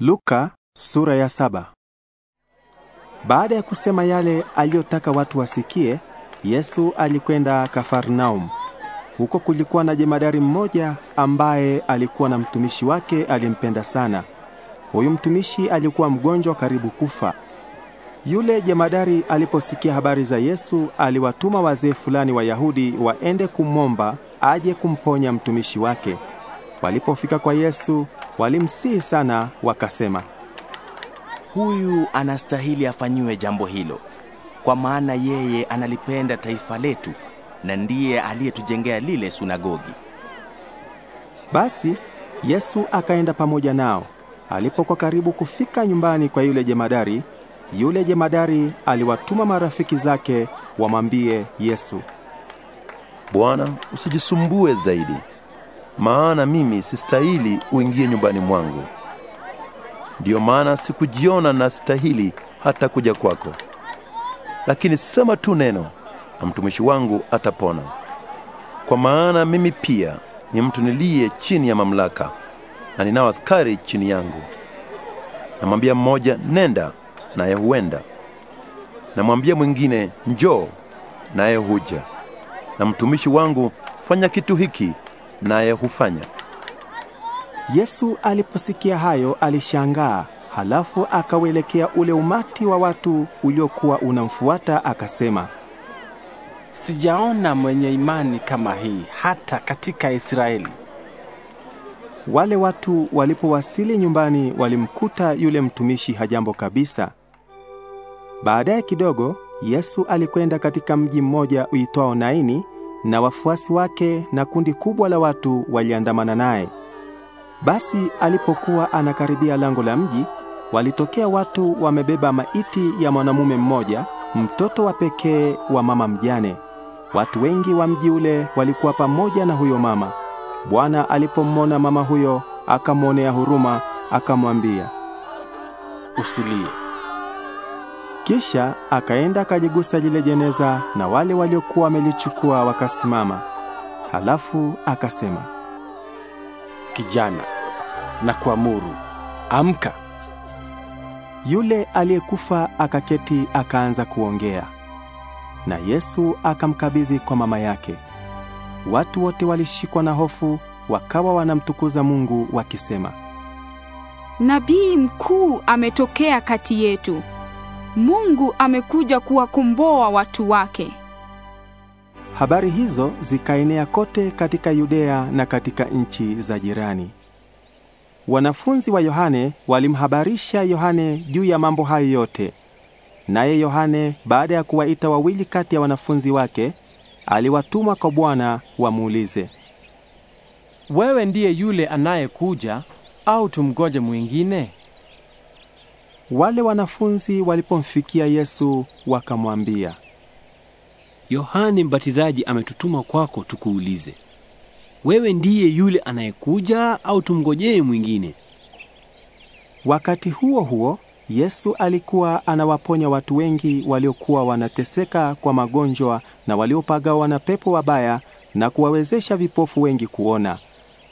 Luka sura ya saba. Baada ya kusema yale aliyotaka watu wasikie, Yesu alikwenda Kafarnaum. Huko kulikuwa na jemadari mmoja ambaye alikuwa na mtumishi wake alimpenda sana. Huyu mtumishi alikuwa mgonjwa karibu kufa. Yule jemadari aliposikia habari za Yesu, aliwatuma wazee fulani Wayahudi waende kumwomba aje kumponya mtumishi wake. Walipofika kwa Yesu, walimsihi sana, wakasema, huyu anastahili afanyiwe jambo hilo, kwa maana yeye analipenda taifa letu na ndiye aliyetujengea lile sunagogi. Basi Yesu akaenda pamoja nao. Alipokuwa karibu kufika nyumbani kwa yule jemadari, yule jemadari aliwatuma marafiki zake wamwambie Yesu, Bwana, usijisumbue zaidi maana mimi sistahili uingie nyumbani mwangu. Ndiyo maana sikujiona na stahili hata kuja kwako, lakini sema tu neno na mtumishi wangu atapona, kwa maana mimi pia ni mtu niliye chini ya mamlaka na ninao askari chini yangu. Namwambia mmoja, nenda, naye huenda; namwambia mwingine, njoo, naye huja; na mtumishi wangu, fanya kitu hiki naye hufanya. Yesu aliposikia hayo alishangaa, halafu akawelekea ule umati wa watu uliokuwa unamfuata akasema, sijaona mwenye imani kama hii hata katika Israeli. Wale watu walipowasili nyumbani walimkuta yule mtumishi hajambo kabisa. Baadaye kidogo Yesu alikwenda katika mji mmoja uitwao Naini na wafuasi wake na kundi kubwa la watu waliandamana naye. Basi alipokuwa anakaribia lango la mji, walitokea watu wamebeba maiti ya mwanamume mmoja, mtoto wa pekee wa mama mjane. Watu wengi wa mji ule walikuwa pamoja na huyo mama. Bwana alipomwona mama huyo, akamwonea huruma, akamwambia, usilie. Kisha akaenda akajigusa lile jeneza na wale waliokuwa wamelichukua wakasimama. Halafu akasema, kijana, nakuamuru amka. Yule aliyekufa akaketi akaanza kuongea, na Yesu akamkabidhi kwa mama yake. Watu wote walishikwa na hofu, wakawa wanamtukuza Mungu wakisema, nabii mkuu ametokea kati yetu. Mungu amekuja kuwakomboa watu wake. Habari hizo zikaenea kote katika Yudea na katika nchi za jirani. Wanafunzi wa Yohane walimhabarisha Yohane juu ya mambo hayo yote. Naye Yohane baada ya kuwaita wawili kati ya wanafunzi wake, aliwatuma kwa Bwana wamuulize, Wewe ndiye yule anayekuja au tumgoje mwingine? Wale wanafunzi walipomfikia Yesu wakamwambia, Yohane Mbatizaji ametutuma kwako tukuulize, wewe ndiye yule anayekuja au tumngojee mwingine? Wakati huo huo, Yesu alikuwa anawaponya watu wengi waliokuwa wanateseka kwa magonjwa na waliopagawa na pepo wabaya na kuwawezesha vipofu wengi kuona.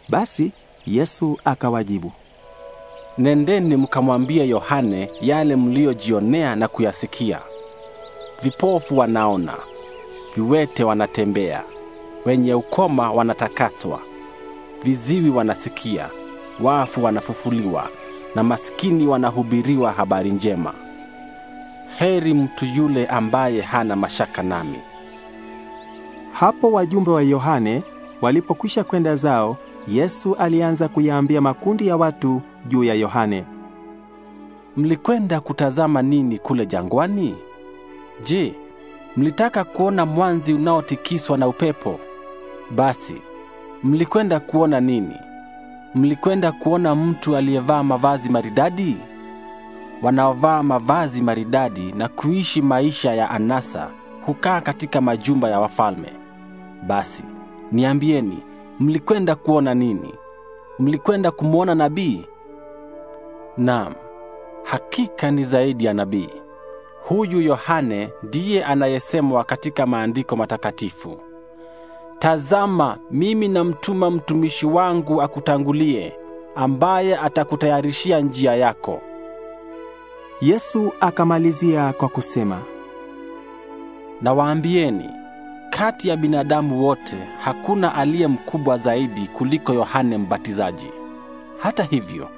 Basi Yesu akawajibu, nendeni mkamwambie Yohane yale mliyojionea na kuyasikia: vipofu wanaona, viwete wanatembea, wenye ukoma wanatakaswa, viziwi wanasikia, wafu wanafufuliwa, na maskini wanahubiriwa habari njema. Heri mtu yule ambaye hana mashaka nami. Hapo wajumbe wa Yohane walipokwisha kwenda zao, Yesu alianza kuyaambia makundi ya watu juu ya Yohane. Mlikwenda kutazama nini kule jangwani? Je, mlitaka kuona mwanzi unaotikiswa na upepo? Basi, mlikwenda kuona nini? Mlikwenda kuona mtu aliyevaa mavazi maridadi? Wanaovaa mavazi maridadi na kuishi maisha ya anasa hukaa katika majumba ya wafalme. Basi, niambieni, mlikwenda kuona nini? Mlikwenda kumwona nabii? Naam, hakika ni zaidi ya nabii. Huyu Yohane ndiye anayesemwa katika maandiko matakatifu, tazama, mimi namtuma mtumishi wangu akutangulie, ambaye atakutayarishia njia yako. Yesu akamalizia kwa kusema, nawaambieni, kati ya binadamu wote hakuna aliye mkubwa zaidi kuliko Yohane Mbatizaji. Hata hivyo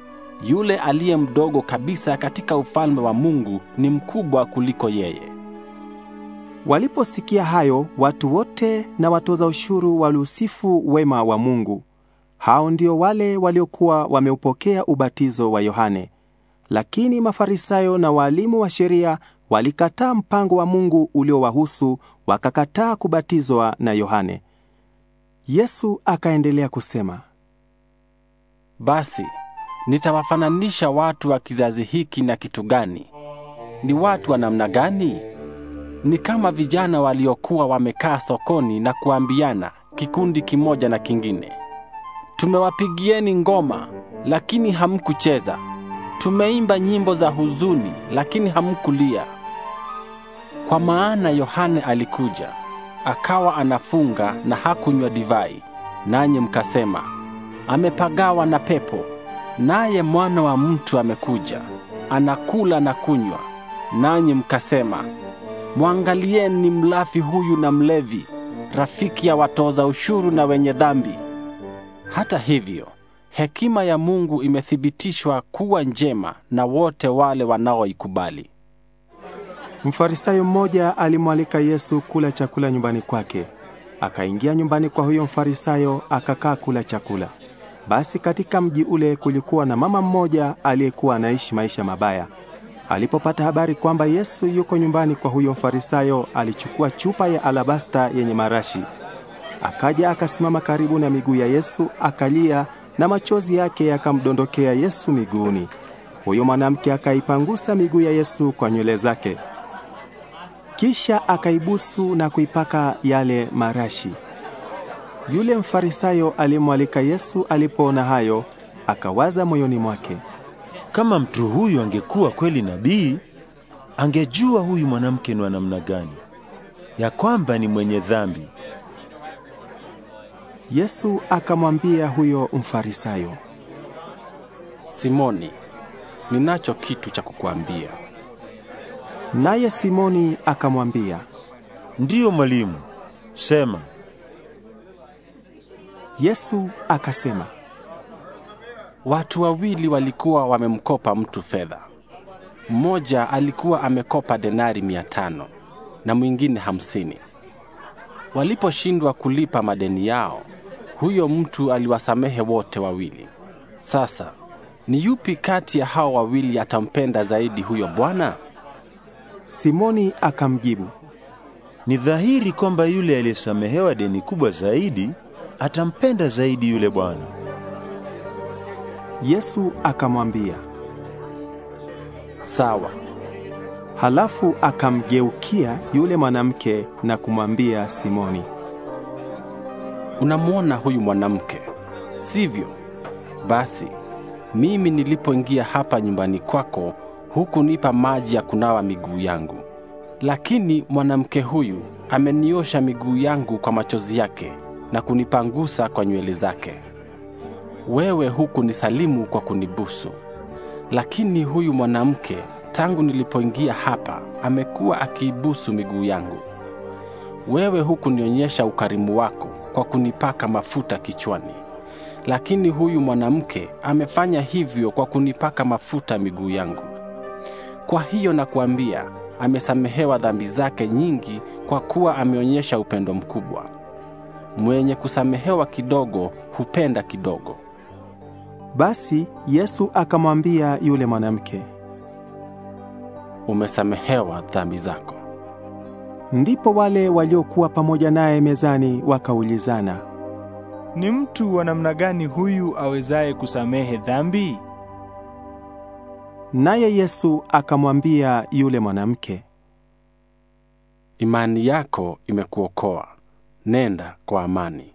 yule aliye mdogo kabisa katika ufalme wa Mungu ni mkubwa kuliko yeye. Waliposikia hayo, watu wote na watoza ushuru waliusifu wema wa Mungu. Hao ndio wale waliokuwa wameupokea ubatizo wa Yohane. Lakini Mafarisayo na waalimu wa sheria walikataa mpango wa Mungu uliowahusu, wakakataa kubatizwa na Yohane. Yesu akaendelea kusema, basi Nitawafananisha watu wa kizazi hiki na kitu gani? Ni watu wa namna gani? Ni kama vijana waliokuwa wamekaa sokoni na kuambiana kikundi kimoja na kingine, tumewapigieni ngoma lakini hamkucheza, tumeimba nyimbo za huzuni lakini hamkulia. Kwa maana Yohane alikuja akawa anafunga na hakunywa divai, nanyi mkasema amepagawa na pepo naye mwana wa mtu amekuja, anakula na kunywa, nanyi mkasema, mwangalieni mlafi huyu na mlevi, rafiki ya watoza ushuru na wenye dhambi. Hata hivyo hekima ya Mungu imethibitishwa kuwa njema na wote wale wanaoikubali. Mfarisayo mmoja alimwalika Yesu kula chakula nyumbani kwake. Akaingia nyumbani kwa huyo Mfarisayo akakaa kula chakula. Basi katika mji ule kulikuwa na mama mmoja aliyekuwa anaishi maisha mabaya. Alipopata habari kwamba Yesu yuko nyumbani kwa huyo Mfarisayo, alichukua chupa ya alabasta yenye marashi, akaja akasimama karibu na miguu ya Yesu akalia, na machozi yake yakamdondokea Yesu miguuni. Huyo mwanamke akaipangusa miguu ya Yesu kwa nywele zake, kisha akaibusu na kuipaka yale marashi. Yule mfarisayo alimwalika Yesu alipoona hayo, akawaza moyoni mwake, kama mtu huyu angekuwa kweli nabii, angejua huyu mwanamke ni wa namna gani, ya kwamba ni mwenye dhambi. Yesu akamwambia huyo mfarisayo, Simoni, ninacho kitu cha kukuambia. Naye Simoni akamwambia, ndiyo mwalimu, sema. Yesu akasema, watu wawili walikuwa wamemkopa mtu fedha. Mmoja alikuwa amekopa denari mia tano na mwingine hamsini. Waliposhindwa kulipa madeni yao, huyo mtu aliwasamehe wote wawili. Sasa ni yupi kati ya hao wawili atampenda zaidi huyo bwana? Simoni akamjibu, ni dhahiri kwamba yule aliyesamehewa deni kubwa zaidi atampenda zaidi yule bwana. Yesu akamwambia, sawa. Halafu akamgeukia yule mwanamke na kumwambia Simoni, unamwona huyu mwanamke, sivyo? Basi mimi nilipoingia hapa nyumbani kwako hukunipa maji ya kunawa miguu yangu, lakini mwanamke huyu ameniosha miguu yangu kwa machozi yake na kunipangusa kwa nywele zake. Wewe hukunisalimu kwa kunibusu, lakini huyu mwanamke tangu nilipoingia hapa amekuwa akiibusu miguu yangu. Wewe hukunionyesha ukarimu wako kwa kunipaka mafuta kichwani, lakini huyu mwanamke amefanya hivyo kwa kunipaka mafuta miguu yangu. Kwa hiyo nakuambia, amesamehewa dhambi zake nyingi kwa kuwa ameonyesha upendo mkubwa mwenye kusamehewa kidogo hupenda kidogo. Basi Yesu akamwambia yule mwanamke, umesamehewa dhambi zako. Ndipo wale waliokuwa pamoja naye mezani wakaulizana, ni mtu wa namna gani huyu awezaye kusamehe dhambi? Naye Yesu akamwambia yule mwanamke, imani yako imekuokoa. Nenda kwa amani.